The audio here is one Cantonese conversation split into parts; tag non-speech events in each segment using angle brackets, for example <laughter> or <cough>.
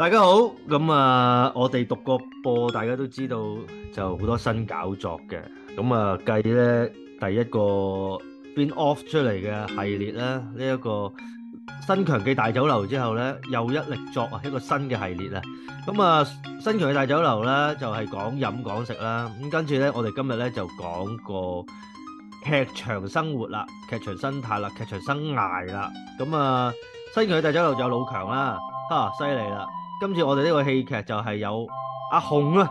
大家好，咁啊，我哋獨角播，大家都知道就好多新搞作嘅。咁啊，計咧第一個變 off 出嚟嘅系列啦，呢、這、一個新強記大酒樓之後咧，又一力作啊，一個新嘅系列啊。咁啊，新強記大酒樓咧就係、是、講飲講食啦。咁跟住咧，我哋今日咧就講個劇場生活啦，劇場生態啦，劇場生涯啦。咁啊，新強記大酒樓就有老強啦，吓、啊，犀利啦！今次我哋呢個戲劇就係有阿紅啊。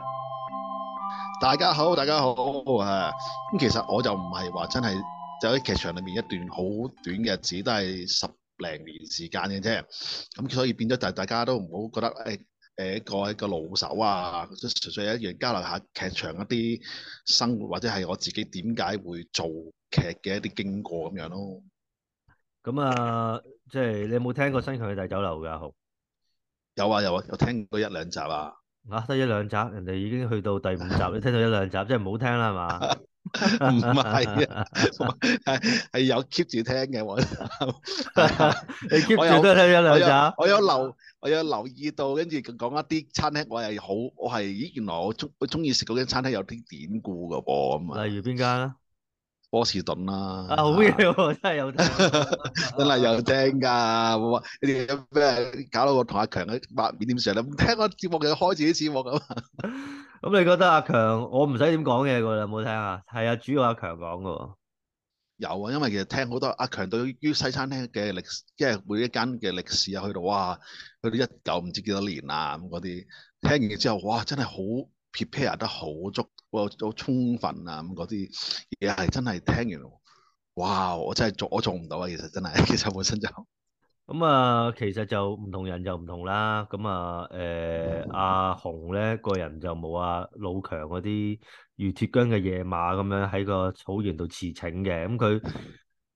大家好，大家好啊。咁其實我就唔係話真係就喺、是、劇場裏面一段好短嘅日子，都係十零年時間嘅啫。咁所以變咗，但係大家都唔好覺得誒誒、欸、一個一個老手啊，純粹係一樣交流下劇場一啲生活，或者係我自己點解會做劇嘅一啲經過咁樣咯。咁啊，即、就、係、是、你有冇聽過新張嘅大酒樓㗎？好有啊有啊，有聽過一兩集啊！啊，得一兩集，人哋已經去到第五集，你 <laughs> 聽到一兩集，即係唔好聽啦，係 <laughs> 嘛 <laughs> 是、啊？唔係，係係有 keep 住聽嘅我。 <laughs> 啊、 <laughs> 你 keep 住都聽咗兩集我我。我有留，我有留意到，跟住講一啲餐廳，我係好，我係咦，原來我中中意食嗰間餐廳有啲典故㗎噃。咁例如邊間咧？波士頓啦，啊啊，好熱喎，哦， <laughs> 真係有聽，真係有聽噶，你哋咁咩搞到我同阿強喺八面點上咧？唔聽我節目嘅開自己節目咁。咁你覺得阿強，我唔使點講嘢噶啦，有冇聽啊？係啊，主要阿強講噶。有啊，因為其實聽好多阿強對於西餐廳嘅歷，即係每一間嘅歷史啊，去到哇，去到一九唔知幾多年啊咁嗰啲，聽完之後哇，真係好。prepare 得好足，好充分啊！咁嗰啲嘢係真係聽完，哇！我真係做，我做唔到啊！其實真係，其實本身就咁、嗯、啊。其實就唔同人就唔同啦。咁、嗯、啊，誒阿鴻咧，個人就冇阿、啊、老強嗰啲如脱韁嘅野馬咁樣喺個草原度馳騁嘅。咁、嗯、佢。 <laughs>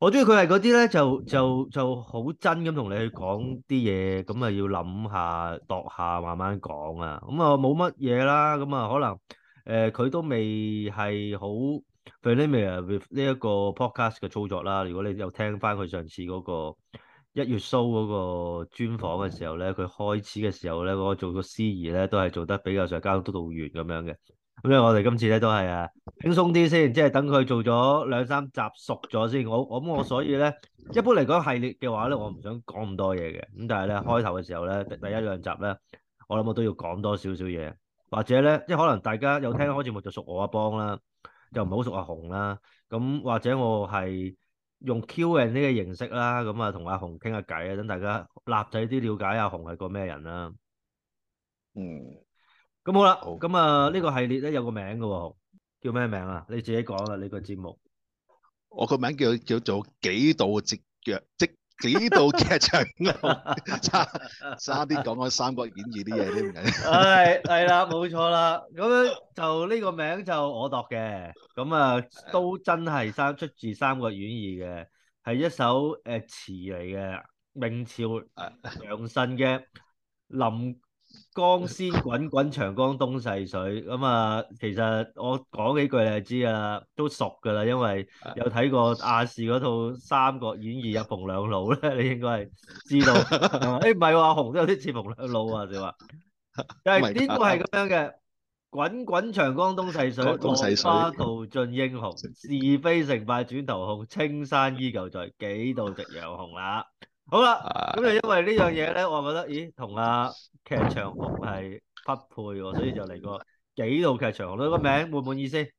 我中意佢係嗰啲咧，就就就好真咁同你去講啲嘢，咁啊要諗下，度下，慢慢講啊。咁啊冇乜嘢啦，咁、嗯、啊可能誒佢、呃、都未係好 familiar with 呢一個 podcast 嘅操作啦。如果你有聽翻佢上次嗰個一月 show 嗰個專訪嘅時候咧，佢開始嘅時候咧，嗰個做個司儀咧都係做得比較上交通督導員咁樣嘅。咁咧，我哋今次咧都係啊輕鬆啲先，即係等佢做咗兩三集熟咗先。我咁我所以咧，一般嚟講系列嘅話咧，我唔想講咁多嘢嘅。咁但係咧，開頭嘅時候咧，第一兩集咧，我諗我都要講多少少嘢，或者咧，即係可能大家有聽開節目就熟我阿邦啦，又唔係好熟阿鴻啦。咁或者我係用 Q&A 呢個形式啦，咁啊同阿鴻傾下偈啊，等大家立體啲了解阿鴻係個咩人啦。嗯。咁好啦，咁啊呢個系列咧有個名㗎喎，叫咩名啊？你自己講啦，呢個節目。我個名叫叫做幾度直腳，即幾度劇場，差啲講開《三國演義》啲嘢添。係係啦，冇錯啦。咁樣就呢個名就我度嘅，咁啊都真係三出自《三國演義》嘅，係一首誒詞嚟嘅，明朝楊慎嘅林，江仙滾滾長江東逝水，咁啊，其實我講幾句你就知啊，都熟噶啦，因為有睇過亞視嗰套三《三國演義》一逢兩老咧，你應該係知道。誒，唔係喎，紅都、啊、有啲似逢兩老啊，你話？ <laughs> 但係呢個係咁樣嘅，滾滾長江東逝水，浪花淘盡英雄，西西是非成敗轉頭空，青山依舊在幾，幾度夕陽紅啦。好啦，咁就，因為呢樣嘢咧，我啊覺得，咦，同啊劇場鴻係匹配喎，所以就嚟個幾度劇場鴻啦，個名滿唔滿意先？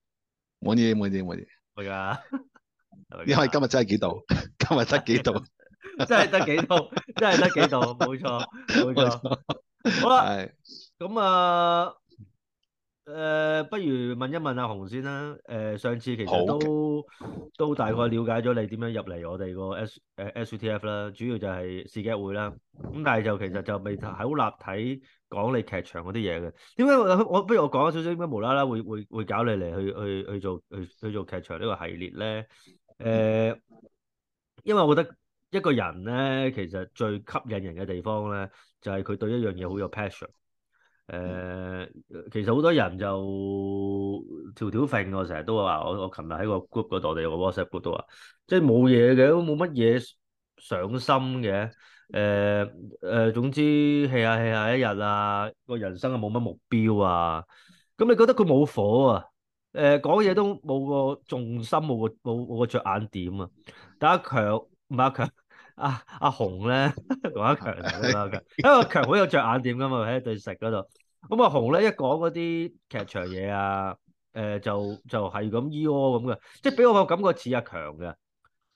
滿意滿意滿意，係啊，因為今日真係幾度，今日得幾度，真係得幾度，真係得幾度，冇錯冇錯，好啦，咁啊。誒，uh, 不如問一問阿、啊、鴻先啦。誒、uh,，上次其實都、okay. 都大概了解咗你點樣入嚟我哋個 S 誒 SUTF 啦，TF, 主要就係試劇會啦。咁但係就其實就未好立體講你劇場嗰啲嘢嘅。點解我，我不如我講少少？點解無啦啦會會會搞你嚟去去去做去去做劇場呢個系列咧？誒、uh,，因為我覺得一個人咧，其實最吸引人嘅地方咧，就係、是、佢對一樣嘢好有 passion。誒，其實好多人就條條揈我，成日都話我我琴日喺個 group 嗰度定個 whatsapp group 度話，即係冇嘢嘅，冇乜嘢上心嘅，誒誒，總之氣下氣下一日啊，個人生啊冇乜目標啊，咁你覺得佢冇火啊？誒，講嘢都冇個重心，冇個冇冇個着眼點啊！但係阿強唔係阿強。啊、阿阿鴻咧同阿強咁樣嘅，因為阿強好有着眼點噶嘛，喺、 <laughs> 欸、對食嗰度。咁阿鴻咧一講嗰啲劇場嘢啊，誒、呃、就就係咁依我咁嘅，即係俾我個感覺似阿強嘅。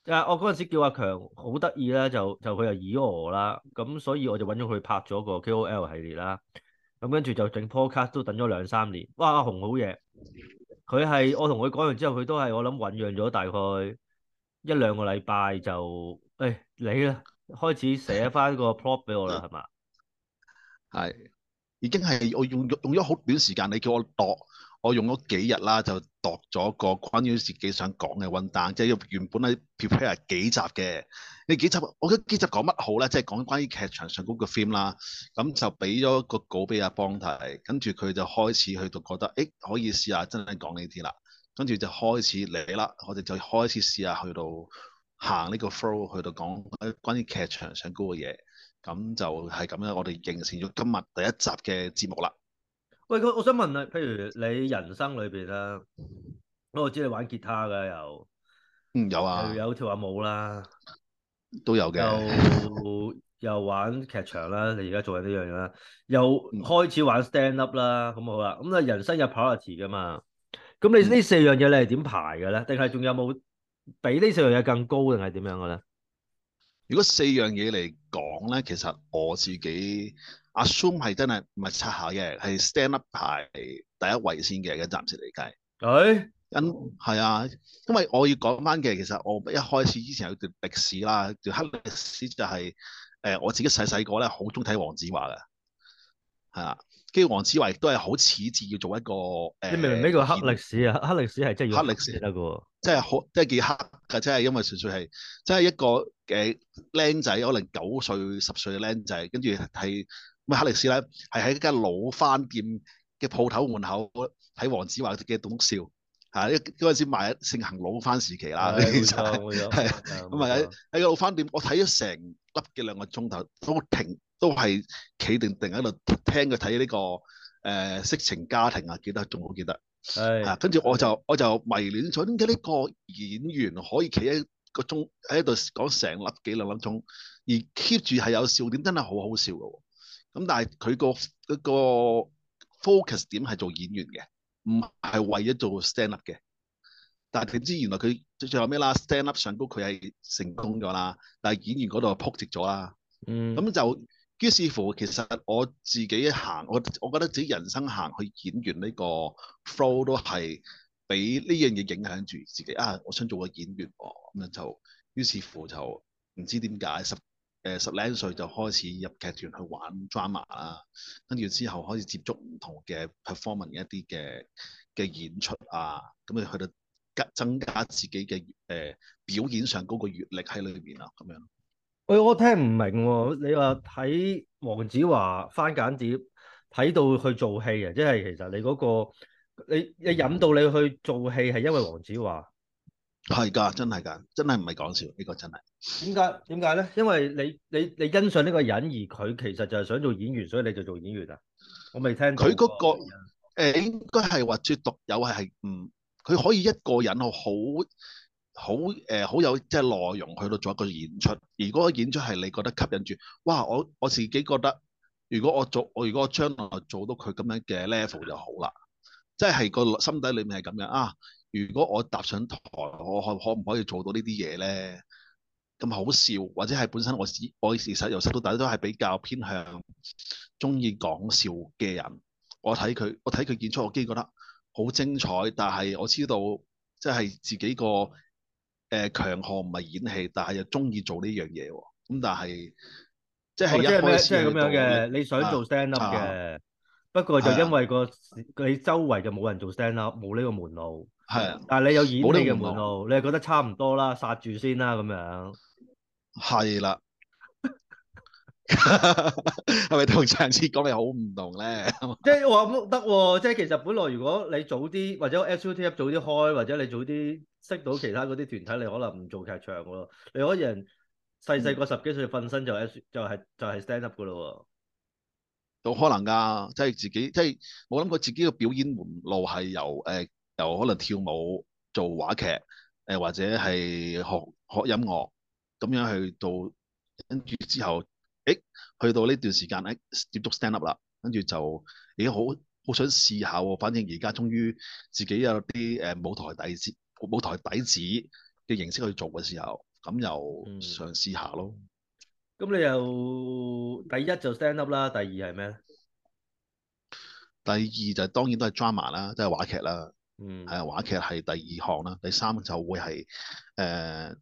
誒、啊，我嗰陣時叫阿強好得意啦，就就佢又依我啦，咁所以我就揾咗佢拍咗個 KOL 系列啦。咁跟住就整 Podcast 都等咗兩三年。哇，阿鴻好嘢，佢係 <laughs> 我同佢講完之後，佢都係我諗醞釀咗大概一兩個禮拜就。誒，你啊、哎，開始寫翻個 plot 俾我啦，係嘛的？係吧，已經係我用用用咗好短時間，你叫我度，我用咗幾日啦，就度咗個關於自己想講嘅温蛋。即係原本係 prepare 幾集嘅，你幾集？我覺得幾集講乜好咧？即係講關於劇場上嗰個 film 啦，咁就俾咗個稿俾阿邦睇，跟住佢就開始去到覺得，誒、欸，可以試下真係講呢啲啦，跟住就開始嚟啦，我哋就開始試下去到，.行呢個 flow 去到講關於劇場上高嘅嘢，咁就係咁樣。我哋完成咗今日第一集嘅節目啦。喂，我想問啊，譬如你人生裏邊啊，我知你玩吉他噶又，嗯，有啊，有跳下舞啦，都有嘅， <laughs> 又又玩劇場啦，你而家做緊呢樣嘢啦，又開始玩 stand up 啦，咁、嗯嗯、好啦，咁啊人生有 priority 噶嘛，咁你呢四樣嘢你係點排嘅咧？定係仲有冇？比呢四樣嘢更高定係點樣嘅咧？如果四樣嘢嚟講咧，其實我自己 assume 係真係唔係差下嘅，係 stand up 排第一位先嘅，嘅暫時嚟計。對、哎，咁係、嗯、啊，因為我要講翻嘅，其實我一開始之前有段歷史啦，段黑歷史就係、是、誒、呃，我自己細細個咧好鍾意睇黃子華嘅，係啊。跟住黃子華亦都係好恥字，要做一個誒，你明唔明呢個黑歷史啊、欸？黑歷史係真係要黑歷史得喎，真係好，真係幾黑嘅，真係因為純粹係真係一個誒僆仔，可能九歲十歲嘅僆仔，跟住係咁黑歷史咧？係喺間老番店嘅鋪頭門口睇黃子華嘅棟篤笑嚇，嗰陣、啊、時賣盛行老番時期啦，其實係咁啊喺喺個老番店，我睇咗成粒嘅兩個鐘頭都停。都係企定定喺度聽佢睇呢個誒、呃、色情家庭啊，記得仲好記得。係 Hey. 啊，跟住我就我就迷戀咗點解呢個演員可以企喺個鐘喺度講成粒幾兩粒鐘，而 keep 住係有笑點，真係好好笑嘅、哦。咁、嗯、但係佢個嗰個 focus 點係做演員嘅，唔係為咗做 stand up 嘅。但係點知原來佢最最後咩啦，stand up 上高佢係成功咗啦，但係演員嗰度撲直咗啦。咁就、mm. 嗯。於是乎，其實我自己行，我我覺得自己人生行去演員呢個 flow 都係俾呢樣嘢影響住自己啊！我想做個演員喎、啊，咁樣就於是乎就唔知點解十誒、呃、十零歲就開始入劇團去玩 drama 啦，跟住之後開始接觸唔同嘅 performance 的一啲嘅嘅演出啊，咁啊去到加增加自己嘅誒、呃、表演上嗰個閲歷喺裏邊啊，咁樣。我、哎、我聽唔明喎、哦，你話睇黃子華翻簡碟睇到去做戲啊？即係其實你嗰、那個你你引導你去做戲係因為黃子華係㗎？真係㗎，真係唔係講笑呢、這個真係點解點解咧？因為你你你欣賞呢個人而佢其實就係想做演員，所以你就做演員啊？我未聽佢嗰、那個誒、呃，應該係話絕獨有係唔佢可以一個人好。好誒，好、呃、有即係內容去到做一個演出。如果演出係你覺得吸引住，哇！我我自己覺得，如果我做，我如果我將來做到佢咁樣嘅 level 就好啦。即係個心底裏面係咁樣啊！如果我踏上台，我可可唔可以做到呢啲嘢咧？咁好笑，或者係本身我，我自我事實由細到大都係比較偏向中意講笑嘅人。我睇佢，我睇佢演出，我竟然覺得好精彩。但係我知道，即係自己個。誒，強項唔係演戲，但係又中意做呢樣嘢，咁但係即係一開始嘅。即係咁樣嘅，你想做 stand up 嘅，啊、不過就因為、那個、啊、你周圍就冇人做 stand up，冇呢個門路。係啊。但係你有演戲嘅門路，門路你係覺得差唔多啦，剎住先啦，咁樣。係啦是、啊。係咪同上次講嘅好唔同咧？ <laughs> 即係我唔得喎，即係其實本來如果你早啲或者 SUTU 早啲開，或者你早啲。識到其他嗰啲團體，你可能唔做劇場㗎咯。你可能細細個十幾歲瞓、嗯、身就係、是、就係就係 stand up 噶咯，有可能㗎。即、就、係、是、自己即係冇諗過自己嘅表演門路係由誒、呃、由可能跳舞做話劇誒、呃，或者係學學音樂咁樣去到。跟住之後，誒去到呢段時間咧，接觸 stand up 啦。跟住就已經好好想試下喎。反正而家終於自己有啲誒、呃、舞台底子。舞台底子嘅形式去做嘅時候，咁又嘗試下咯。咁、嗯、你又第一就 stand up 啦，第二係咩？第二就係、當然都係 drama 啦，即係話劇啦。嗯，係啊，話劇係第二項啦。第三就會係誒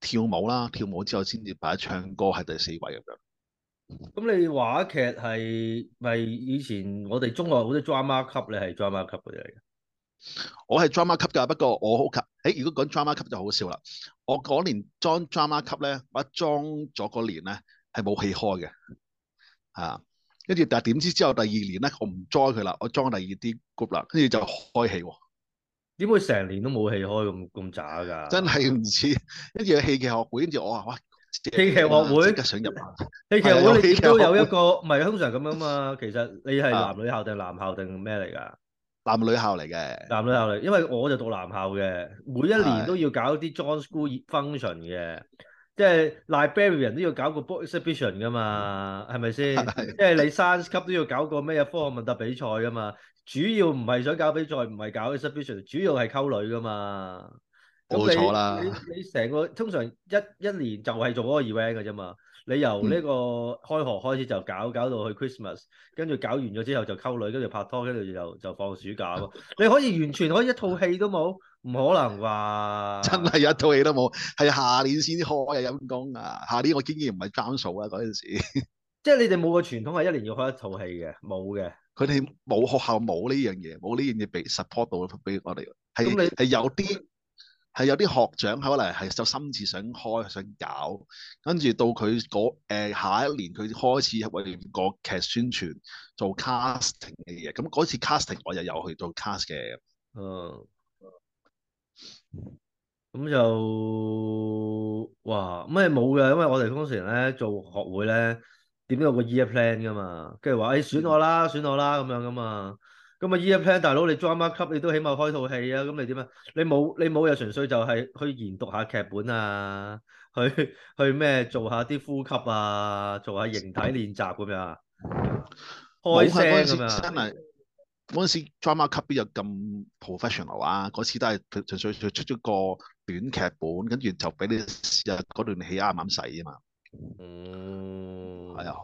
跳舞啦，跳舞之後先至擺唱歌係第四位咁樣。咁、嗯、你話劇係咪以前我哋中學好多 drama 級你係 drama 級嗰啲嚟嘅？我係 drama club 噶，不過我好級。誒，如果講 drama club，就好笑啦。我嗰年裝 drama club 咧，我裝咗嗰年咧係冇戲開嘅，吓、啊。跟住但係點知之後第二年咧，我唔 join 佢啦，我裝第二啲 group 啦，跟住就開戲。點會成年都冇戲開咁咁渣噶？真係唔知。跟住有戲劇學會，跟住我話：喂，戲劇學會，想入戲劇學會？學會你都有一個，唔係 <laughs> 通常咁樣嘛。其實你係男女校定男校定咩嚟噶？ <laughs> 男女校嚟嘅，男女校嚟，因為我就讀男校嘅，每一年都要搞啲 John School Function 嘅，的即係 librarian 都要搞個 Book Exhibition 噶嘛，係咪先？的即係是你 Science Club 都要搞個咩啊？科學問答比賽噶嘛，主要唔係想搞比賽，唔係搞 Exhibition，主要係溝女噶嘛。冇錯啦！你成個通常一一年就係做嗰個 event 嘅啫嘛。你由呢個開學開始就搞搞到去 Christmas，跟住搞完咗之後就溝女，跟住拍拖，跟住就就放暑假咯。你可以完全可以一套戲都冇，唔可能話真係一套戲都冇，係下年先開啊，陰功啊！下年我竟然唔係掙數啊嗰陣時。 <laughs> 即係你哋冇個傳統係一年要開一套戲嘅，冇嘅。佢哋冇學校冇呢樣嘢，冇呢樣嘢被 support 到俾我哋。係係你有啲。係有啲學長可能係就心志想開想搞，跟住到佢嗰下一年佢開始為個劇宣傳做 casting 嘅嘢，咁嗰次 casting 我又有去做 cast 嘅。嗯，咁就哇咩冇嘅，因為我哋通常咧做學會咧，點解有個 year plan 噶嘛，跟住話誒選我啦，選我啦咁樣噶嘛。咁啊，依一 plan，大佬你 drama 班級你都起碼開套戲啊？咁你點啊？你冇你冇又純粹就係去研讀下劇本啊，去去咩做一下啲呼吸啊，做下形體練習咁、啊、樣，開聲咁樣。嗰陣嗰時 drama 班級邊有咁 professional 啊？嗰、啊、次都係純粹出咗個短劇本，跟住就俾你試下嗰段戲啱唔啱使啊嘛。嗯，係啊。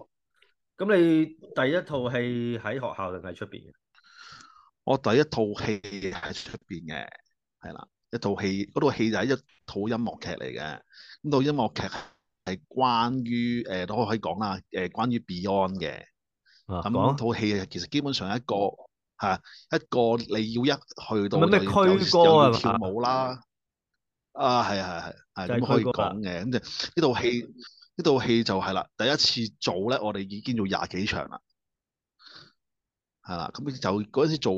咁你第一套戲喺學校定喺出邊？我第一套戲喺出邊嘅，係啦，一套戲嗰套戲就係一套音樂劇嚟嘅。咁套音樂劇係關於誒、呃、都可以講啦，誒、呃、關於 Beyond 嘅。咁套戲其實基本上一個嚇、啊、一個你要一去到，唔係咩區歌啊，跳舞啦啊，係係係係咁可以講嘅。咁即呢套戲呢套戲就係啦，第一次做咧，我哋已經做廿幾場啦。係啦，咁就嗰陣時做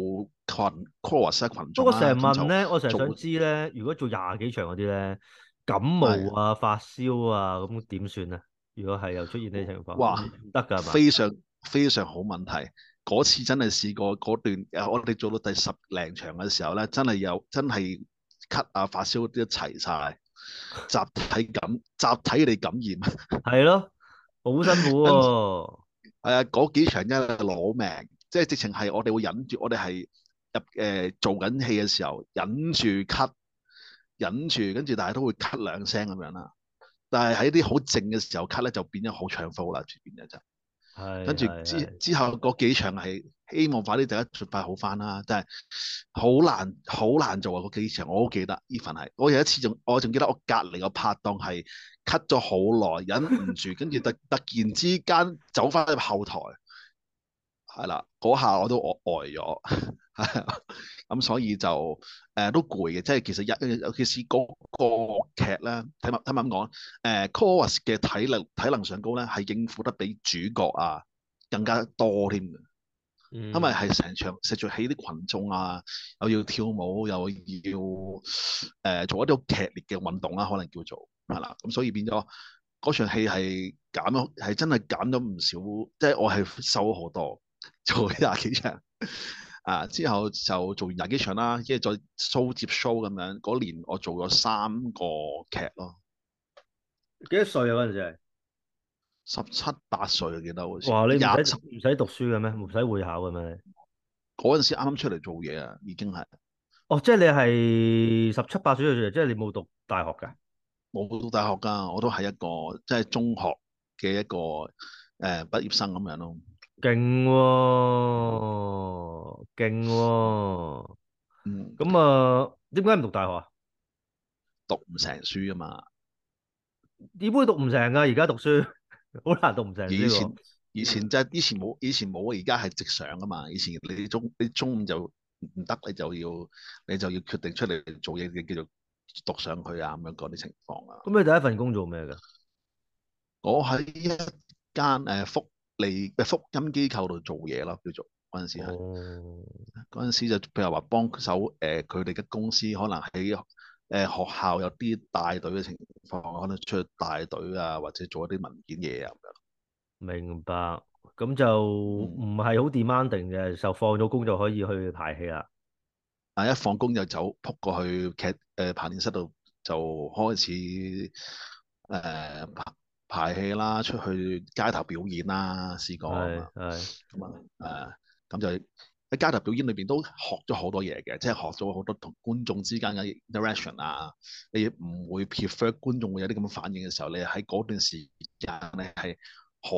群 chorus 啊，群。做我成日問咧，我成日想知咧，是如果做廿幾場嗰啲咧，感冒啊、的發燒啊，咁點算啊？如果係又出現呢情況，哇嘩，唔得噶，非常吧非常好問題。嗰次真係試過嗰段，我哋做到第十零場嘅時候咧，真係有真係咳啊、發燒一齊晒，集體感，集體嚟感染。係 <laughs> 咯，好辛苦喎、喔。係 <laughs> <laughs> 是 <laughs> 啊，嗰幾場真係攞命。即係直情係我哋會忍住，我哋係入誒做緊戲嘅時候忍住咳，忍住跟住大家都會咳兩聲咁樣啦。但係喺啲好靜嘅時候咳咧就變咗好搶風啦，變咗就係。係。跟住之之，之後嗰幾場係希望快啲大家盡快好翻啦，真係好難好難做啊！嗰幾場我好記得，Even 係我有一次仲我仲記得我隔離個拍檔係咳咗好耐，忍唔住跟住突突然之間走翻去後台。係啦，嗰下我都呆呆咗，咁、 <laughs> 嗯、所以就誒、呃、都攰嘅，即係其實一尤其是嗰個劇咧，睇埋睇埋咁講，誒、呃、chorus 嘅體力體能上高咧，係應付得比主角啊更加多添。嗯、因為係成場成場戲啲群眾啊，又要跳舞，又要誒、呃、做一啲好劇烈嘅運動啦、啊，可能叫做係啦，咁、嗯、所以變咗嗰場戲係減咗，係真係減咗唔少，即係我係瘦咗好多。做廿幾場啊，之後就做完廿幾場啦，跟住再收接 show 咁樣。嗰年我做咗三個劇咯。幾多歲啊？嗰陣時係十七八歲、啊，我記得好似。哇！你廿使唔使讀書嘅咩？唔使會考嘅咩？嗰陣時啱啱出嚟做嘢啊，已經係。哦，即係你係十七八歲嘅時候，即係你冇讀大學嘅。冇讀大學噶，我都係一個即係、就是、中學嘅一個誒畢業生咁樣咯。勁喎，勁喎、哦，咁啊、哦，點解唔讀大學啊？讀唔成書啊嘛，點會讀唔成啊？而家讀書好 <laughs> 難讀唔成以。以前以前就以前冇，以前冇，而家係直上噶嘛。以前你中你中午就唔得，你就要你就要決定出嚟做嘢嘅，叫做讀上去啊。咁樣講啲情況啊。咁你第一份工做咩噶？我喺一間誒、呃、福。嚟嘅福音機構度做嘢啦，叫做嗰陣時係，嗰陣、oh。時就譬如話幫手誒，佢哋嘅公司可能喺誒、呃、學校有啲大隊嘅情況，可能出大隊啊，或者做一啲文件嘢啊咁樣。明白，咁就唔係好 demanding 嘅，嗯、就放咗工就可以去排戲啦。啊！一放工就走，撲過去劇誒排練室度就開始誒拍。呃排戲啦，出去街頭表演啦，試過咁 <noise> 啊，誒，咁就喺街頭表演裏邊都學咗好多嘢嘅，即係學咗好多同觀眾之間嘅 interaction 啊。你唔會 prefer 觀眾會有啲咁嘅反應嘅時候，你喺嗰段時間咧係好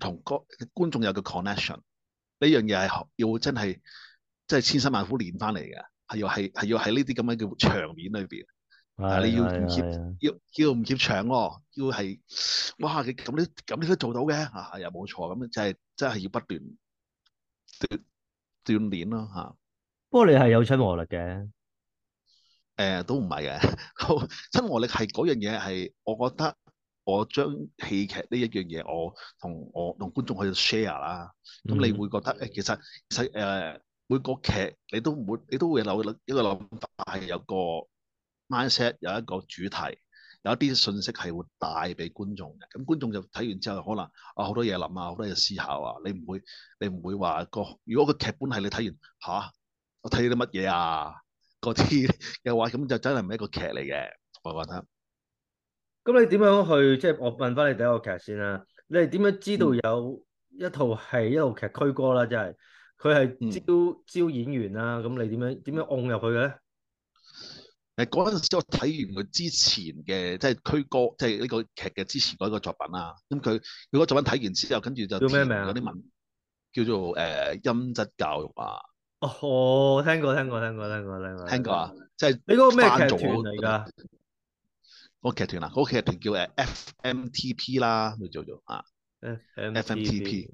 同觀觀眾有個 connection。呢樣嘢係學要真係即係千辛萬苦練翻嚟嘅，係要係係要喺呢啲咁樣嘅場面裏邊。啊！ <music> 你要唔接要要唔接場喎？要係哇！咁你咁啲都做到嘅嚇、啊，又冇錯咁，就係、啊、真係要不斷鍛鍛鍊咯嚇。不過你係有親和力嘅，誒都唔係嘅。親和力係嗰樣嘢係，我覺得我將戲劇呢一樣嘢，我同我同觀眾去 share 啦。咁你會覺得誒，其實使誒、呃、每個劇你都唔會你都會有一個諗法係有個。Mindset 有一個主題，有一啲信息係會帶俾觀眾嘅。咁觀眾就睇完之後，可能啊好多嘢諗啊，好多嘢、啊、思考啊。你唔會你唔會話個如果個劇本係你睇完吓、啊，我睇啲乜嘢啊嗰啲嘅話，咁 <laughs> 就真係唔係一個劇嚟嘅。我覺得。咁你點樣去即係、就是、我問翻你第一個劇先啦、啊？你係點樣知道有一套係一路劇區歌啦、啊？即係佢係招、嗯、招演員啦、啊。咁你點樣點樣按入去嘅咧？誒，嗰陣時我睇完佢之前嘅，即係區歌，即係呢個劇嘅之前嗰一個作品啦。咁佢佢嗰作品睇完之後，跟住就叫咩名嗰啲文，叫做誒、呃、音質教育啊。哦，聽過聽過聽過聽過聽過。聽過啊，即係你嗰個咩劇團嚟？噶嗰個劇團啊，嗰個劇團叫誒 FMTP 啦，叫做咗啊。FMTP 係。M T P，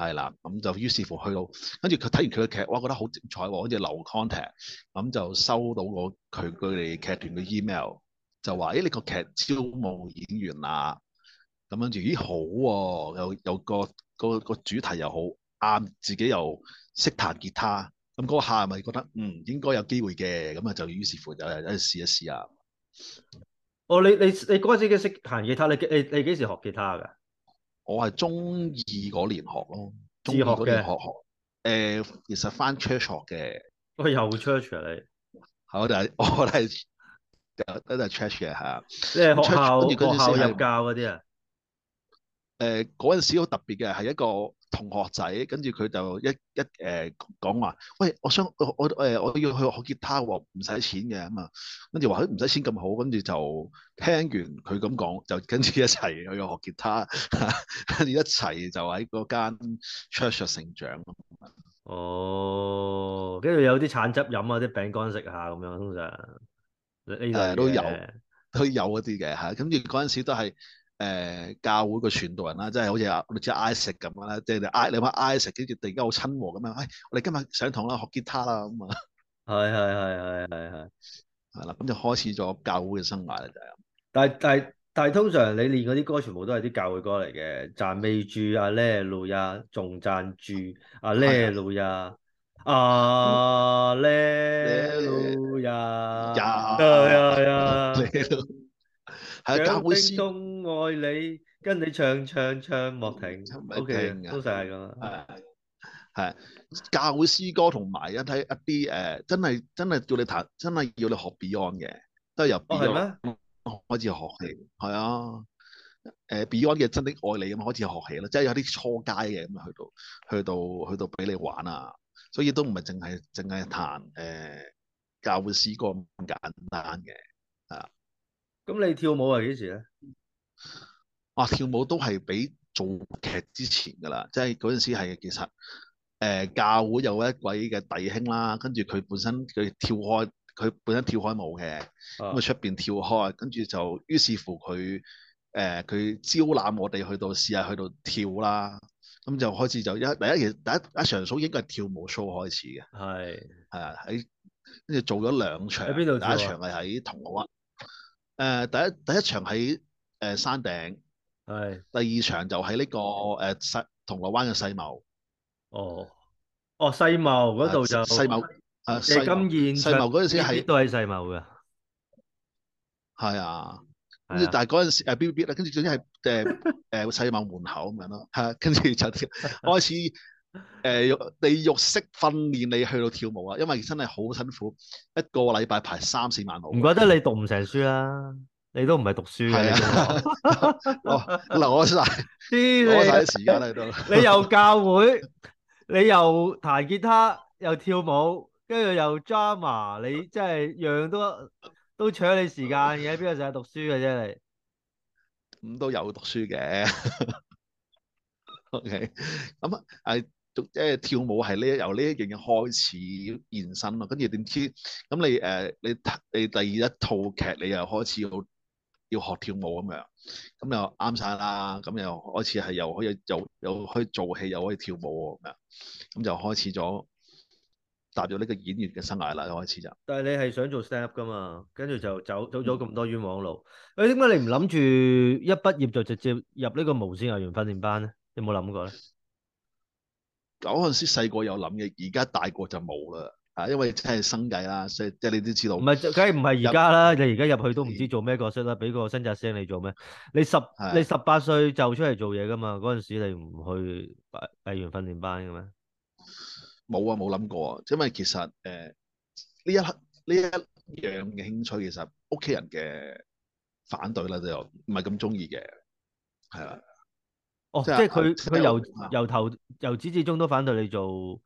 係啦，咁、嗯、就於是乎去到，跟住佢睇完佢嘅劇，哇覺得好精彩喎、哦，好似留 contact，咁、嗯、就收到我佢佢哋劇團嘅 email，就話，誒、欸、你個劇招募演員啊，咁跟住，咦好喎、哦，有又個個，個主題又好啱，自己又識彈吉他，咁、嗯、嗰下係咪覺得嗯應該有機會嘅，咁、嗯、啊就於是乎就嚟一試一試啊。哦，你你你嗰陣時嘅識彈吉他，你你你幾時學吉他㗎？我係中二嗰年學咯，中學嘅學學誒、欸，其實翻 Church 學嘅，都係有 Church 啊！你係我係都係 Church 嘅嚇，即係學校學校入教嗰啲啊。誒嗰陣時好特別嘅，係一個同學仔，跟住佢就一一誒講話，喂，我想我我、呃、我要去學吉他喎，唔使錢嘅咁啊，跟住話佢唔使錢咁好，跟住就聽完佢咁講，就跟住一齊去學吉他，啊、跟住一齊就喺嗰間 church 成長咯。啊、哦，跟住有啲橙汁飲啊，啲餅乾食下咁樣，通常、呃、都有都有嗰啲嘅嚇，啊嗯、跟住嗰陣時都係。誒教會嘅傳道人啦，即係好似阿你知艾食咁樣啦，即係艾你話艾食，跟住突然間好親和咁樣，誒、哎、我哋今日上堂啦，學吉他啦咁啊，係係係係係係，係啦， <laughs> 咁就開始咗教會嘅生涯啦，就係、是、但係但係但係通常你練嗰啲歌全部都係啲教會歌嚟嘅，讚美主阿叻路亞，仲讚主阿叻路亞，阿叻路亞，呀！係、啊、教會詩歌，愛你，跟你唱唱唱莫停。唔係 O.K.，多謝咁啊。係係、啊啊、教會詩歌同埋一睇一啲誒，真係真係叫你彈，真係要，要你學 Beyond 嘅，都係由 Beyond、哦、開始學起。係啊，誒、呃、Beyond 嘅《真的愛你》咁開始學起咯，即係有啲初階嘅咁去到去到去到俾你玩啊。所以都唔係淨係淨係彈誒教會詩歌咁簡單嘅。咁你跳舞係幾時咧？哇、啊！跳舞都係比做劇之前噶啦，即係嗰陣時係其實誒、呃、教會有一位嘅弟兄啦，跟住佢本身佢跳開，佢本身跳開舞嘅咁，啊出邊跳開，跟住就於是乎佢誒佢招攬我哋去到試下去到跳啦，咁、嗯、就開始就一第一其實第一第一場 show 應該係跳舞 show 開始嘅，係係是啊，喺跟住做咗兩場，喺邊度？第一場係喺銅鑼灣。誒第一第一場喺誒山頂，係的第二場就喺呢、這個誒世銅鑼灣嘅世貿，哦，哦，哦世貿嗰度就世貿誒謝金燕世貿嗰陣時係都喺世貿嘅，係啊，跟住但係嗰陣時 B B B 啦，跟住總之係誒誒世貿門口咁樣咯，嚇，跟住就開始。 <laughs> 誒，地獄式訓練你去到跳舞啊，因為真係好辛苦，一個禮拜排三四萬舞。唔覺得你讀唔成書啦？你都唔係讀書嘅，攞晒、啊，攞晒時間喺度。你又教會，你又彈結他，又跳舞，跟住又 drama，你真係樣樣都都搶你時間嘅，邊個成日讀書嘅啫？你咁都有讀書嘅 <laughs> ，OK，咁、嗯、啊，誒。即係跳舞係呢由呢一樣嘢開始延伸咯，跟住點知咁你誒你你第二一套劇你又開始要要學跳舞咁樣，咁又啱晒啦，咁又開始係又可以又又可以做戲又可以跳舞喎咁樣，咁就開始咗踏咗呢個演員嘅生涯啦，開始就。但係你係想做 staff 噶嘛？跟住就走走咗咁多冤枉路，誒點解你唔諗住一畢業就直接入呢個無線藝員訓練班咧？有冇諗過咧？嗰陣時細個有諗嘅，而家大個就冇啦。啊，因為真係生計啦，所以，即係你都知道。唔係，梗係唔係而家啦。入你而家入去都唔知做咩角色啦。俾個新紮師兄你做咩？你十的你十八歲就出嚟做嘢噶嘛？嗰陣時你唔去藝藝員訓練班嘅咩？冇啊，冇諗過啊。因為其實誒呢、呃、一呢一樣嘅興趣，其實屋企人嘅反對啦，都唔係咁中意嘅，係啊。哦，即係佢佢由由頭、嗯、由始至終都反對你做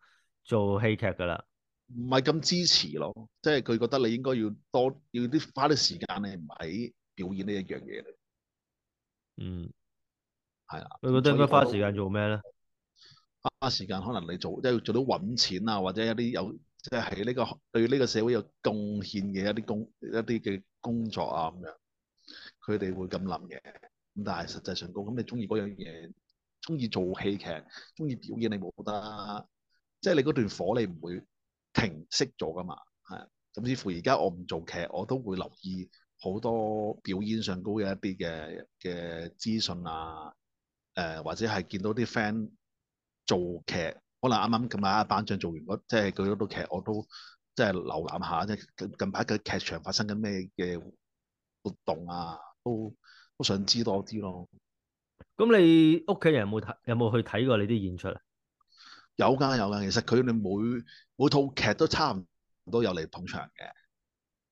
做戲劇噶啦，唔係咁支持咯，即係佢覺得你應該要多要啲花啲時間你唔喺表演呢一樣嘢。嗯，係啊的，你覺得應該花時間做咩咧？花時間可能你做即係做到揾錢啊，或者一啲有即係喺呢個對呢個社會有貢獻嘅一啲工一啲嘅工作啊咁樣，佢哋會咁諗嘅。咁但係實際上高，咁你中意嗰樣嘢，中意做戲劇，中意表演，你冇覺得，即係你嗰段火你唔會停息咗㗎嘛，係。甚至乎而家我唔做劇，我都會留意好多表演上高嘅一啲嘅嘅資訊啊，誒、呃、或者係見到啲 friend 做劇，可能啱啱咁啊，班長做完嗰，即係佢嗰套劇我都即係瀏覽下，即係近排嘅劇場發生緊咩嘅活動啊，都。我想知多啲咯。咁你屋企人有冇睇？有冇去睇過你啲演出啊？有㗎有㗎。其實佢哋每每套劇都差唔多都有嚟捧場嘅。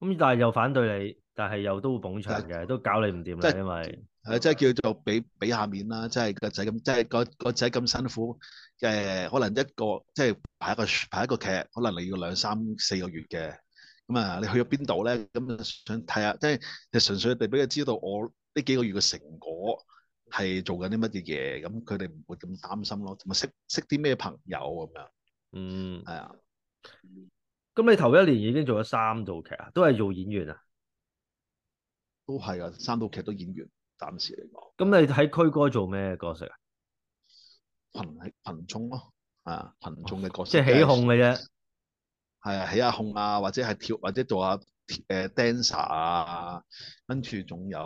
咁、嗯、但係又反對你，但係又都會捧場嘅，是都搞你唔掂啦，就是、因為誒，即係叫做俾俾下面啦，即、就、係、是、個仔咁，即、就、係、是、個仔咁辛苦即誒、呃。可能一個即係排一個排一個劇，可能你要兩三四個月嘅。咁、嗯、啊，你去咗邊度咧？咁啊，想睇下，即係你純粹地俾佢知道我。呢幾個月嘅成果係做緊啲乜嘅嘢？咁佢哋唔會咁擔心咯。同埋識識啲咩朋友咁樣。嗯，係啊。咁你頭一年已經做咗三套劇啊？都係做演員啊？都係啊，三套劇都演員，暫時嚟講。咁你喺區歌做咩角色啊？羣係羣眾咯，係啊，羣眾嘅角色。啊，啊角色哦、即係起哄嘅啫，係啊，起下哄啊，或者係跳或者做下、啊。誒、uh，dancer 啊，跟住仲有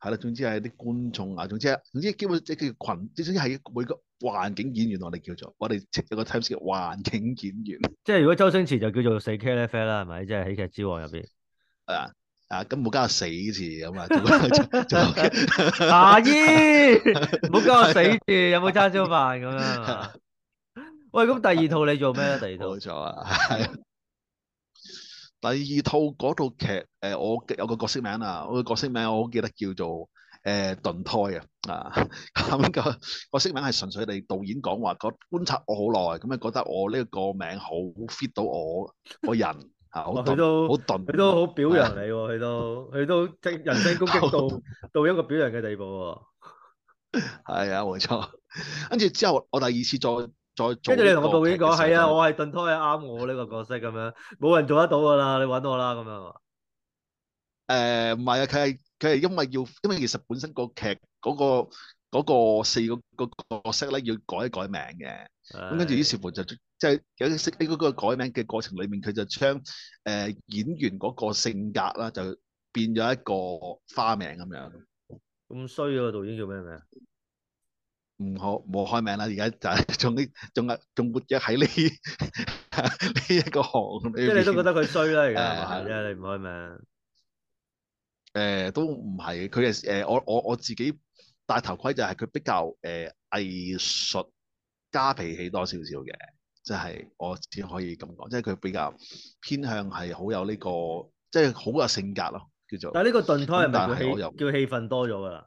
係啦，總之係啲觀眾啊，總之總之基本即係群，總之係每個環境演員，我哋叫做我哋有個 terms 叫環境演員。即係如果周星馳就叫做死茄呢啡啦，係咪？即係喜劇之王入邊啊啊！咁冇加個死字咁啊，阿姨，冇加個死字，有冇叉燒飯咁樣？ <laughs> <laughs> 喂，咁第二套你做咩？第二套冇咗啊， <laughs> 第二套嗰套劇，誒，我有個角色名啊，我個角色名我好記得，叫做誒鈍、欸、胎啊，啊，咁、 <laughs> 啊、個角色名係純粹地導演講話，個觀察我好耐，咁啊覺得我呢個名好 fit 到我個人，吓好鈍，好鈍、 <laughs> 啊，佢都，盡都，都好表揚你、啊，佢 <laughs> 都佢都即人身攻擊到 <laughs> 到一個表揚嘅地步喎，係啊，冇 <laughs> 錯、 <laughs> 啊，跟住之後我第二次再。跟住你同我導演講：係啊，就係、我係盾胎係啱我呢個角色咁樣，冇人做得到㗎啦！你揾我啦咁樣、呃、啊？唔係啊，佢係佢係因為要，因為其實本身個劇嗰、嗰個嗰、嗰個四個個角色咧要改一改名嘅。咁、哎、跟住於是乎就即係有啲識呢個改名嘅過程裡面，佢就將誒、呃、演員嗰個性格啦，就變咗一個花名咁樣。咁衰啊！導演叫咩名？唔好冇開名啦，而家就係仲啲仲阿仲活躍喺呢呢一個行，即係你都覺得佢衰啦，而家係嘛？你唔開名。誒，都唔係佢嘅。誒，我我我自己戴頭盔就係佢比較誒藝術家脾氣多少少嘅，即係我只可以咁講，即係佢比較偏向係好有呢個即係好有性格咯，叫做。但係呢個盾胎係咪叫氣氛多咗噶啦？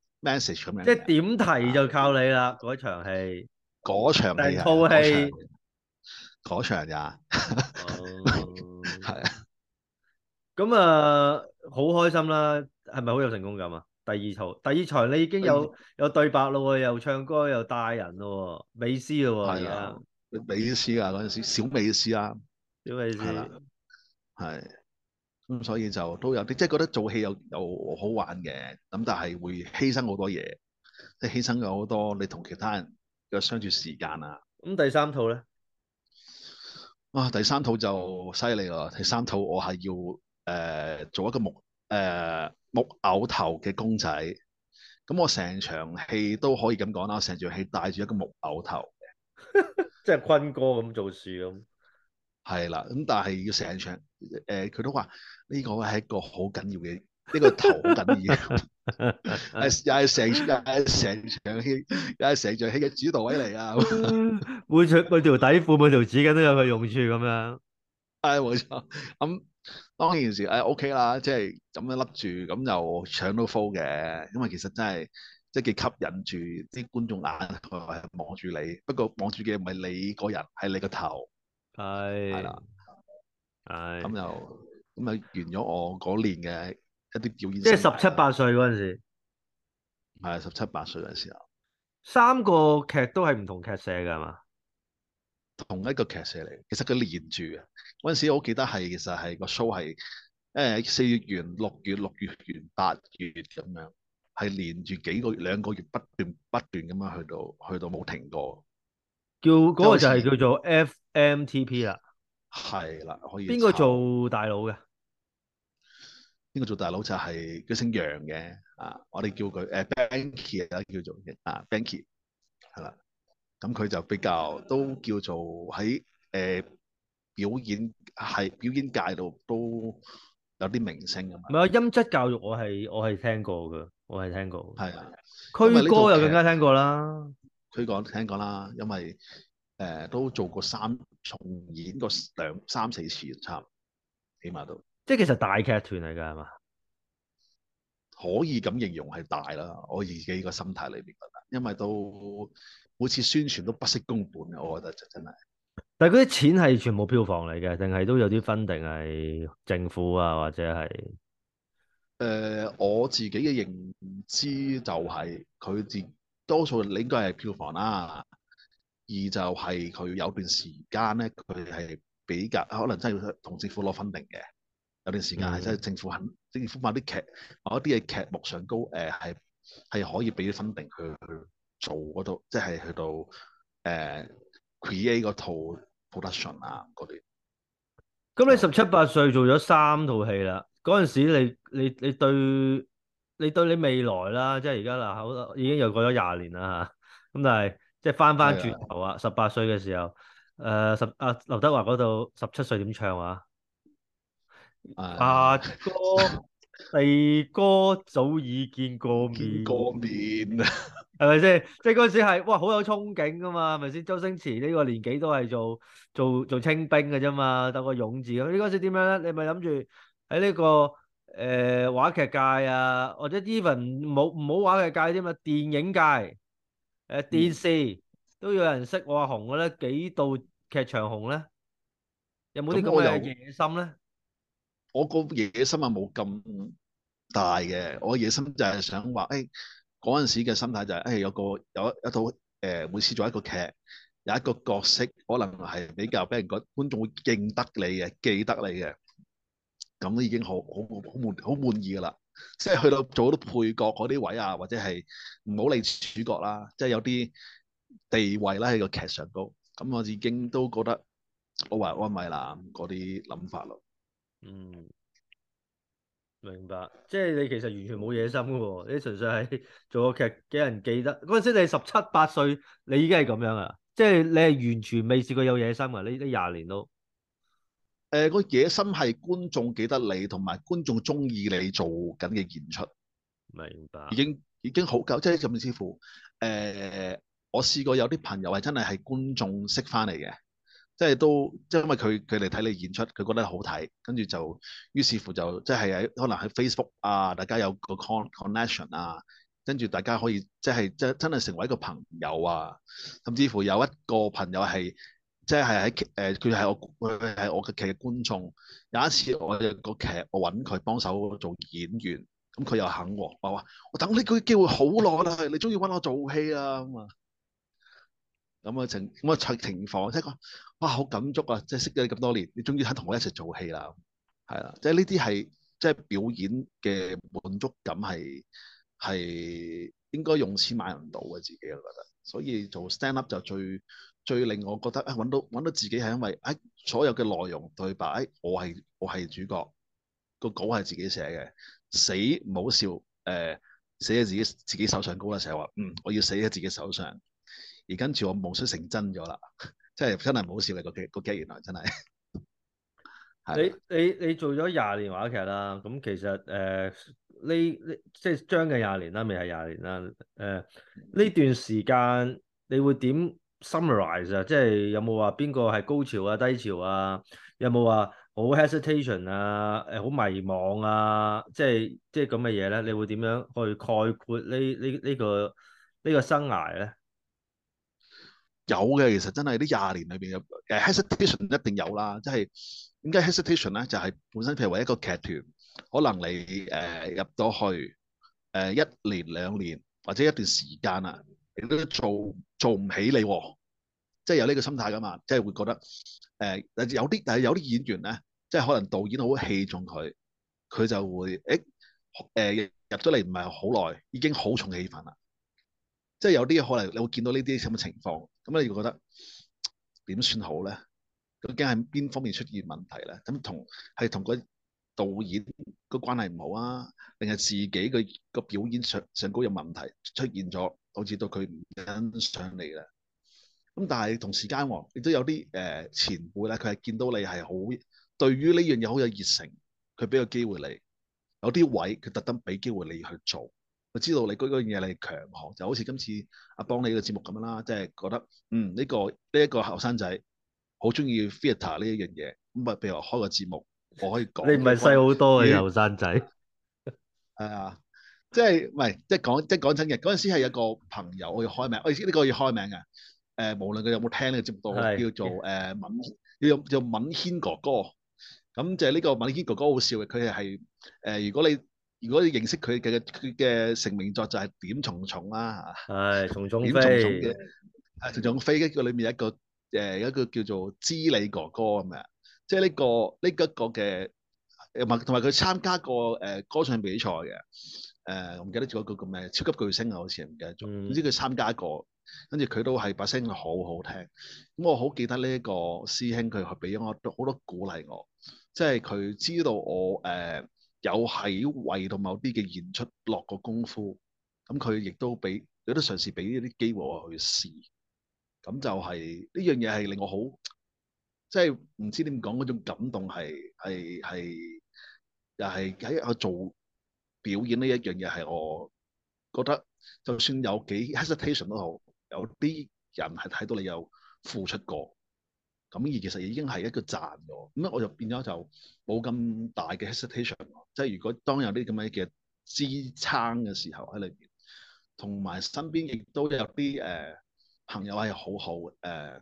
message 咁樣，即係點題就靠你啦！嗰的場戲，嗰場套戲，嗰場呀，啊，咁啊，好、uh, 開心啦！係咪好有成功感啊？第二套、第二場你已經有 <laughs> 有對白咯，又唱歌又帶人咯，美斯咯，係啊，美斯啊，嗰陣時小美斯啊，小美斯。係。咁所以就都有啲，即係覺得做戲有有，有好玩嘅，咁但係會犧牲好多嘢，即係犧牲咗好多你同其他人嘅相處時間啊。咁第三套咧？啊，第三套就犀利咯。第三套我係要誒、呃、做一個木誒、呃、木偶頭嘅公仔，咁、嗯嗯、我成場戲都可以咁講啦，成場戲戴住一個木偶頭嘅， <laughs> 即係坤哥咁做事咁。係啦，咁但係要成場，誒、呃，佢都話呢個係一個好緊要嘅，呢 <laughs> 個頭好緊要，又係成場，又係成場戲，又係成場戲嘅主導位嚟噶 <laughs> 。每場每條底褲，每條紙巾都有佢用處咁樣。係冇錯，咁、嗯、當然時誒，OK 啦，即係咁樣笠住，咁又搶到 full 嘅，因為其實真係即係幾吸引住啲觀眾眼，望住你。不過望住嘅唔係你個人，係你個頭。係係啦，係咁又咁啊，的的完咗我嗰年嘅一啲表演，即係十七八歲嗰陣時，係十七八歲嗰時候，三個劇都係唔同劇社㗎嘛，同一個劇社嚟，其實佢連住嘅嗰陣時，我記得係其實係個 show 係，誒、欸、四月完六月六月完八月咁樣，係連住幾個月兩個月不斷不斷咁樣去到去到冇停過。叫嗰個就係叫做 FMTP 啦、啊，係啦，可以。邊個做大佬嘅？邊個做大佬就係、是、佢姓楊嘅啊！我哋叫佢誒、啊、Bankie、啊、啦，叫做啊 Bankie 係啦。咁佢就比較都叫做喺誒、呃、表演係表演界度都有啲明星咁。唔係啊，音質教育我係我係聽過嘅，我係聽過。係的，區哥又更加聽過啦。佢講聽講啦，因為誒、呃、都做過三重演過兩三四次，差唔多，起碼都。即係其實大劇團嚟㗎係嘛？可以咁形容係大啦，我自己個心態裏面覺得，因為都每次宣傳都不惜公本嘅，我覺得就真係。但係啲錢係全部票房嚟嘅，定係都有啲分定係政府啊，或者係？誒、呃，我自己嘅認知就係佢自。多數你應該係票房啦，二就係佢有段時間咧，佢係比較可能真係要同政府攞分定嘅。有段時間係真係政府肯政府買啲劇買一啲嘅劇目上高誒係係可以俾啲分定去去做嗰度，即、就、係、是、去到誒、呃、create 嗰套 production 啊嗰啲。咁你十七八歲做咗三套戲啦，嗰陣時你你你對？你對你未來啦，即係而家嗱，好已經又過咗廿年啦，咁但係即係翻翻轉頭啊，十八的歲嘅時候，誒、呃、十啊，劉德華嗰度十七歲點唱啊？阿的、啊、哥地哥早已見過面，過面啊，係咪先？即係嗰陣時係哇，好有憧憬噶嘛，係咪先？周星馳呢個年紀都係做做做，做清兵嘅啫嘛，得個勇字咁。呢，嗰陣時點樣咧？你咪諗住喺呢個。誒，話劇界啊，或者 even 冇冇話劇界添啊，電影界，誒電視都有人識我阿鴻嘅咧，幾度劇場鴻咧？有冇啲咁嘅野心咧？我個野心啊，冇咁大嘅，我野心就係想話，誒嗰陣時嘅心態就係，誒有個有一一套誒，每次做一個劇，有一個角色，可能係比較俾人覺觀眾會認得你嘅，記得你嘅。咁都已經好好好滿好滿意噶啦，即係去到做嗰啲配角嗰啲位啊，或者係唔好理主角啦，即係有啲地位啦喺個劇上高。咁我已經都覺得好為安慰啦嗰啲諗法咯。嗯，明白，即係你其實完全冇野心噶喎，哦，你純粹係做個劇俾人記得。嗰陣時你十七八歲，你已經係咁樣啊，即係你係完全未試過有野心噶你呢廿年都。誒、呃那個野心係觀眾記得你同埋觀眾中意你做緊嘅演出，明白。已經已經好久，即係甚至乎誒，我試過有啲朋友係真係係觀眾識翻嚟嘅，即係都即係因為佢佢哋睇你演出，佢覺得好睇，跟住就於是乎就即係喺可能喺 Facebook 啊，大家有個 con connection 啊，跟住大家可以即係真真係成為一個朋友啊，甚至乎有一個朋友係。即係喺、呃、劇佢係我佢我嘅劇嘅觀眾。有一次我嘅、個劇，我揾佢幫手做演員，咁、嗯、佢又肯喎。我話我等呢個機會好耐啦，你終於揾我做戲啦咁啊。咁、嗯、啊情咁啊情情況即係講哇好感觸啊！即係識咗咁多年，你終於肯同我一齊做戲啦，係、嗯、啦。即係呢啲係即係表演嘅滿足感係係應該用錢買唔到嘅，自己我覺得。所以做 stand up 就最。最令我覺得啊，揾到揾到自己係因為誒、啊，所有嘅內容對白、啊，我係我係主角，個稿係自己寫嘅，死唔好笑誒，死、呃、喺自己自己手上高啦，成日話嗯，我要死喺自己手上，而跟住我夢想成真咗啦，即係真係唔好笑你個劇個劇，原來真係。你你你做咗廿年話劇啦，咁其實誒呢呢即係將近廿年啦，未係廿年啦，誒、呃、呢段時間你會點？Summarize 啊，即係有冇話邊個係高潮啊、低潮啊？有冇話好 hesitation 啊？誒，好迷茫啊？即係即係咁嘅嘢咧？你會點樣去概括呢？呢呢個呢個生涯咧？有嘅，其實真係呢廿年裏邊有誒 hesitation 一定有啦。即係點解 hesitation 咧？就係本身譬如為一個劇團，可能你誒入到去誒一年兩年或者一段時間啊。都做做唔起你，哦，即係有呢個心態噶嘛，即係會覺得誒、呃，有啲但係有啲演員咧，即係可能導演好器重佢，佢就會誒誒入咗嚟唔係好耐，已經好重氣氛啦。即係有啲可能你會見到呢啲咁嘅情況，咁你會覺得點算好咧？究竟係邊方面出現問題咧？咁同係同嗰導演個關係唔好啊，定係自己個個表演上上高有問題出現咗？導致到佢唔想你啦。咁、嗯、但係同時間喎，亦、啊、都有啲誒、呃、前輩咧，佢係見到你係好對於呢樣嘢好有熱誠，佢俾個機會你。有啲位佢特登俾機會你去做，我知道你嗰樣嘢你強項，就好似今次阿邦你嘅節目咁樣啦，即、就、係、是、覺得嗯呢、這個呢、這個嗯、一個後生仔好中意 theatre 呢一樣嘢，咁啊譬如話開個節目我可以講。你唔係細好多嘅後生仔。係啊。你輕 <laughs> 即係唔係，即係講，即係講真嘅嗰陣時，係有個朋友我要開名，我意思呢個要開名嘅誒、呃，無論佢有冇聽呢個節目，都叫做誒、呃、敏，叫叫敏軒哥哥。咁就係呢個敏軒哥哥好笑嘅，佢係誒，如果你，如果你認識佢嘅，佢嘅成名作就係、啊《點蟲蟲》啦嚇。係蟲蟲飛，蟲蟲、呃、飛。誒蟲蟲飛，佢裏面一個誒、呃、一個叫做知理哥哥咁嘅，即係呢、呢個呢、呢個、一個嘅誒，同埋佢參加過誒、呃、歌唱比賽嘅。誒，嗯、我唔記得咗嗰個叫咩，超級巨星啊，好似唔記得咗。總之佢參加一個跟住佢都係把聲好好聽。咁、嗯、我好記得呢一個師兄，佢俾咗我好多鼓勵我，即係佢知道我誒、呃、有喺為到某啲嘅演出落個功夫。咁佢亦都俾有得嘗試，俾呢啲機會我去試。咁就係呢樣嘢係令我好，即係唔知點講嗰種感動係係係又係喺我做。表演呢一樣嘢係我覺得，就算有幾 hesitation 都好，有啲人係睇到你有付出過，咁而其實已經係一個賺咗，咁咧我就變咗就冇咁大嘅 hesitation，即係如果當有啲咁嘅嘅支撐嘅時候喺裏邊，同埋身邊亦都有啲誒、呃、朋友係好好嘅誒，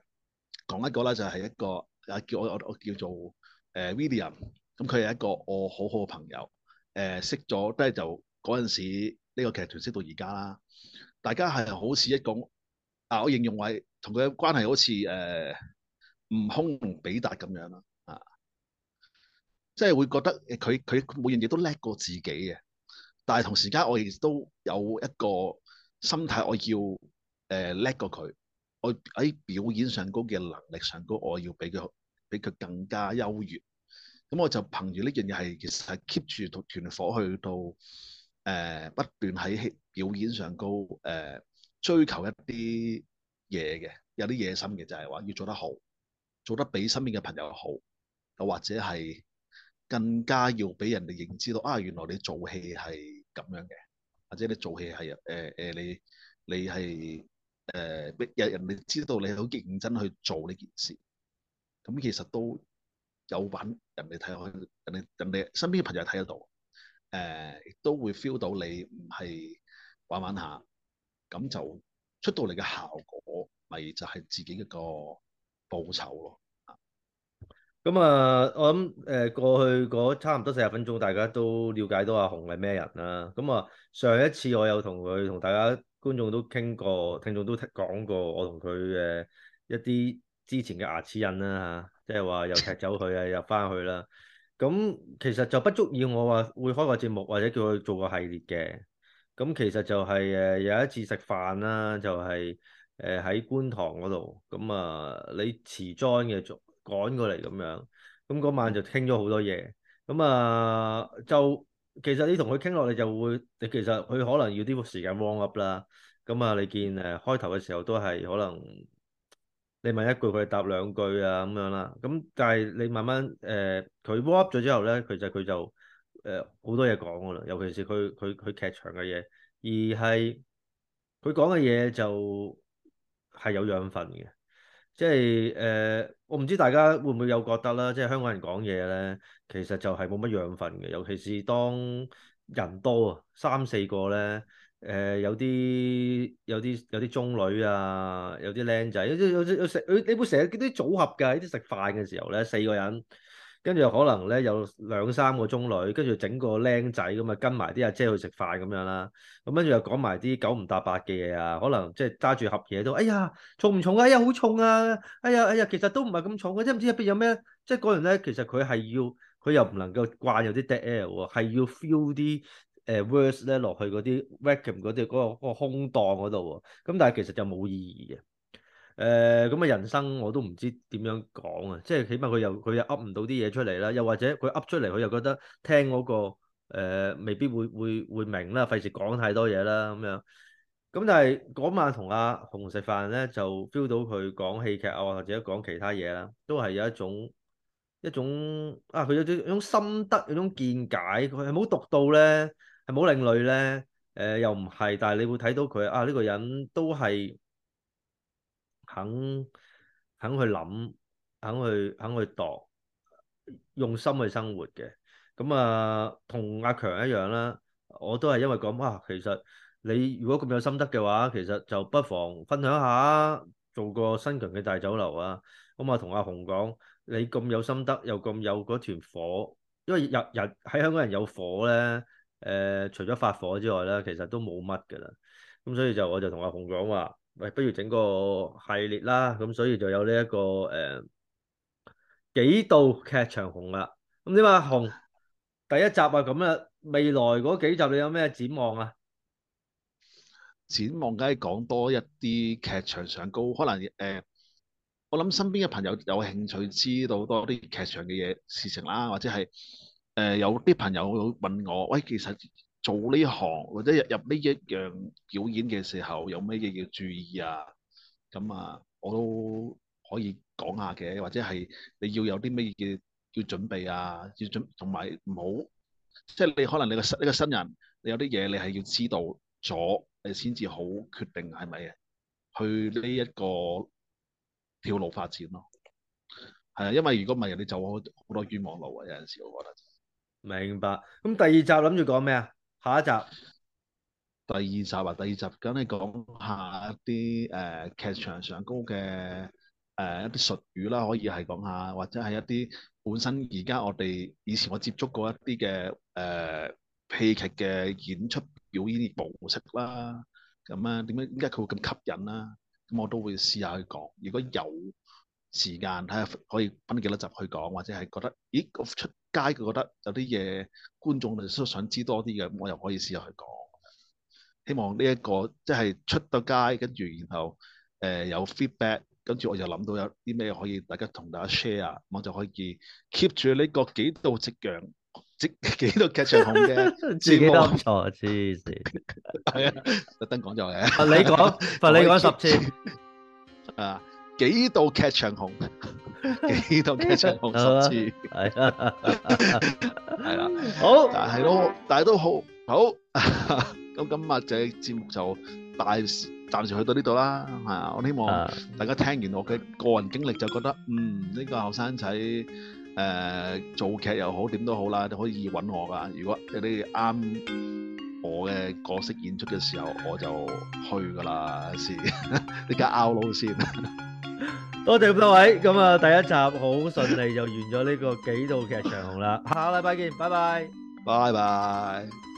講一個啦就係、是、一個誒叫我我我叫做誒、呃、William，咁佢係一個我好好嘅朋友。誒識咗，即係就嗰陣時呢個劇團識到而家啦。大家係好似一個，啊，我形容為，同佢嘅關係好似誒，悟、呃、空同比達咁樣啦，啊，即係會覺得佢佢每樣嘢都叻過自己嘅，但係同時間我亦都有一個心態我、呃，我要誒叻過佢，我喺表演上高嘅能力上高，我要比佢比佢更加優越。咁、嗯、我就憑住呢樣嘢係，其實係 keep 住團火去到，誒、呃、不斷喺表演上高誒、呃、追求一啲嘢嘅，有啲野心嘅就係、是、話要做得好，做得比身邊嘅朋友好，又或者係更加要俾人哋認知到啊，原來你做戲係咁樣嘅，或者你做戲係誒誒你你係誒俾人哋知道你好認真去做呢件事，咁、嗯、其實都。有品，人哋睇開，人哋人哋身邊嘅朋友睇得到，誒、呃、都會 feel 到你唔係玩玩下，咁就出到嚟嘅效果，咪就係、是、自己一個報酬咯。咁啊、嗯呃，我諗誒、呃、過去嗰差唔多四十分鐘，大家都了解到阿鴻係咩人啦。咁、嗯、啊，上一次我有同佢同大家觀眾都傾過，聽眾都講過，我同佢誒一啲之前嘅牙齒印啦。即係話又踢走佢啊，又翻去啦。咁其實就不足以我話會開個節目，或者叫佢做個系列嘅。咁其實就係、是、誒、呃、有一次食飯啦，就係誒喺觀塘嗰度。咁啊、呃，你遲裝嘅趕過嚟咁樣。咁嗰晚就傾咗好多嘢。咁啊、呃，就其實你同佢傾落嚟就會，其實佢可能要啲時間 warm up 啦。咁啊，你見誒、呃、開頭嘅時候都係可能。你問一句佢答兩句啊，咁樣啦，咁但係你慢慢誒佢 up 咗之後咧，其實佢就誒好多嘢講噶啦，尤其是佢佢佢劇場嘅嘢，而係佢講嘅嘢就係有養分嘅，即係誒、呃、我唔知大家會唔會有覺得啦，即係香港人講嘢咧，其實就係冇乜養分嘅，尤其是當人多啊三四個咧。誒、呃、有啲有啲有啲中女啊，有啲靚仔，有啲有食，你會成日啲組合㗎，啲食飯嘅時候咧，四個人，跟住又可能咧有兩三個中女，跟住整個靚仔咁啊跟埋啲阿姐去食飯咁樣啦，咁跟住又講埋啲九唔搭八嘅嘢啊，可能即係揸住盒嘢都，哎呀重唔重啊？哎呀好重啊！哎呀哎呀，其實都唔係咁重嘅，啊，即係唔知入邊有咩，即係嗰人咧其實佢係要佢又唔能夠慣有啲 dead air 喎，係要 feel 啲。誒 verse 咧落去嗰啲 vacuum 嗰啲嗰個空檔嗰度喎，咁但係其實就冇意義嘅。誒咁啊，人生我都唔知點樣講啊，即係起碼佢又佢又噏唔到啲嘢出嚟啦，又或者佢噏出嚟，佢又覺得聽嗰、嗰個、呃、未必會會會，會明啦，費事講太多嘢啦咁樣。咁但係嗰晚同阿鴻食飯咧，就 feel 到佢講戲劇啊，或者講其他嘢啦、啊，都係有一種一種啊，佢有一種一種心得，有種見解，佢係冇讀到咧。冇另類咧，誒、呃、又唔係，但係你會睇到佢啊！呢、這個人都係肯肯去諗、肯去肯去，肯去度用心去生活嘅。咁、嗯、啊，同阿強一樣啦，我都係因為咁啊。其實你如果咁有心得嘅話，其實就不妨分享下做個新強嘅大酒樓、嗯、啊。咁啊，同阿紅講，你咁有心得又咁有嗰團火，因為日日喺香港人有火咧。誒、呃、除咗發火之外咧，其實都冇乜嘅啦。咁所以就我就同阿鴻講話，喂，不如整個系列啦。咁所以就有呢、這、一個誒、呃、幾度劇場鴻啦。咁點啊，鴻第一集啊咁啊，未來嗰幾集你有咩展望啊？展望梗係講多一啲劇場上高，可能誒、呃，我諗身邊嘅朋友有興趣知道多啲劇場嘅嘢事情啦，或者係。誒、呃、有啲朋友問我，喂，其實做呢行或者入入呢一樣表演嘅時候，有咩嘢要注意啊？咁啊，我都可以講下嘅，或者係你要有啲咩嘢要準備啊，要準同埋唔好，即係、就是、你可能你個新呢個新人，你有啲嘢你係要知道咗，你先至好決定係咪去呢一個條路發展咯。係啊，因為如果唔係，你走好多冤枉路啊。有陣時我覺得。明白，咁第二集諗住講咩啊？下一集，第二集啊，第二集咁你講下一啲誒劇場上高嘅誒、呃、一啲術語啦，可以係講下，或者係一啲本身而家我哋以前我接觸過一啲嘅誒戲劇嘅演出表演啲模式啦，咁啊點解點解佢會咁吸引啦？咁我都會試下去講，如果有，時間睇下可以分幾多集去講，或者係覺得咦個出街佢覺得有啲嘢觀眾哋都想知多啲嘅，我又可以試下去講。希望呢、這、一個即係出到街，跟住然後誒、呃、有 feedback，跟住我又諗到有啲咩可以大家同大家 share，我就可以 keep 住呢個幾度夕陽，幾幾度劇場鴻嘅自己講錯黐線，係啊 <laughs> <laughs> <laughs> <laughs> 特登講咗嘅。罰你講，罰你講十次 <laughs> <laughs> 啊。幾度劇場鴻，幾度劇場鴻十次， <laughs> 係啦，好， <laughs> 但係都，但係都好好。 <laughs> 咁今日嘅節目就大暫時去到呢度啦。係啊，我希望大家聽完我嘅個人經歷就覺得嗯，嗯、呃，呢個後生仔誒做劇又好，點都好啦，你可以揾我噶。如果你啱我嘅角色演出嘅時候，我就去噶啦，先依家拗路先。多謝咁多位，咁啊第一集好順利就完咗呢個幾度劇場鴻啦，下個禮拜見，拜拜，拜拜。